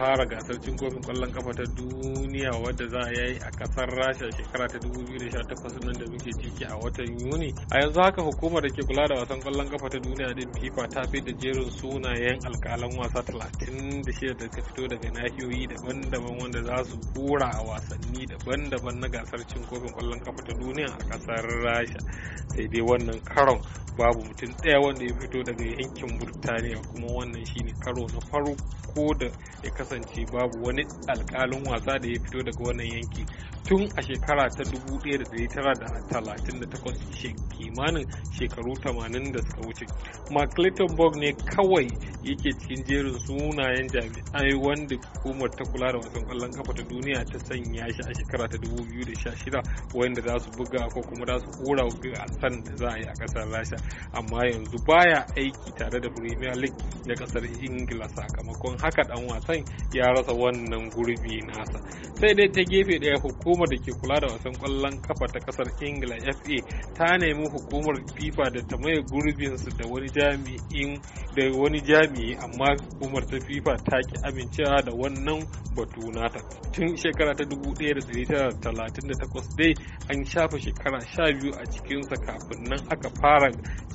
fara gasar cin kofin kwallon kafa ta duniya wadda za a yi a kasar rasha shekara ta 2018 nan da muke ciki a watan yuni a yanzu haka hukumar da ke kula da wasan kwallon kafa ta duniya din fifa ta fi da jerin sunayen alkalan wasa 36 da ka fito daga nahiyoyi daban-daban wanda za su kura a wasanni daban-daban na gasar cin kofin kwallon kafa ta duniya a kasar rasha sai dai wannan karon babu mutum ɗaya wanda ya fito daga yankin burtaniya kuma wannan shine karo na farko da ya kasance babu wani alkalin wasa da ya fito daga wannan yanki tun a shekara ta 1938 kimanin shekaru 80 da suka wuce mark ne kawai yake cikin jerin sunayen jami'ai wanda hukumar ta kula da wasan kwallon kafa ta duniya ta sanya shi a shekara ta 2016 wanda za su buga ko kuma za su kora wasan da za a yi a kasar rasha amma yanzu baya aiki tare da premier league na kasar ingila sakamakon haka dan wasan ya rasa wannan gurbi nasa sai dai ta gefe daya hukumar da ke kula da wasan kwallon kafa ta kasar ingila fa ta nemi hukumar fifa da ta maye gurbinsu da wani jami'in da wani jami'in yi amma hukumar ta fifa ta ki amincewa da wannan batu nata tun shekara ta 1938 dai an shafa shekara 12 a cikinsa kafin nan aka fara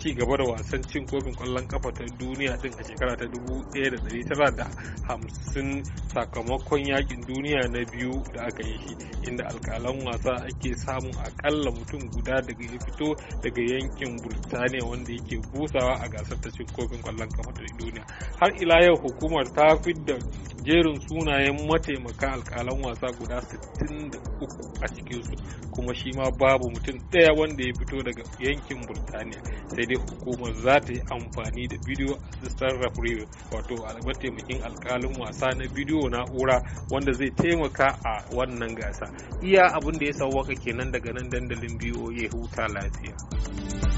ci gaba da wasan cin kofin kwallon kafa ta duniya din a shekara ta 1950 sakamakon yakin duniya na biyu da aka yi shi inda alkalan wasa ake samun akalla mutum guda daga ya fito daga yankin burtaniya wanda yake busawa a gasar ta cin kofin kwallon kafa ta duniya har ila yau hukumar ta fi da jerin sunayen mataimaka alkalan wasa guda 63 a cikinsu kuma shi ma babu mutum ɗaya wanda ya fito daga yankin burtaniya sai dai hukumar za ta yi amfani da video assistant referee wato mataimakin alkalin wasa na bidiyo na'ura wanda zai taimaka a wannan gasa iya abin da ya sauwaka kenan daga nan dandalin ya huta lafiya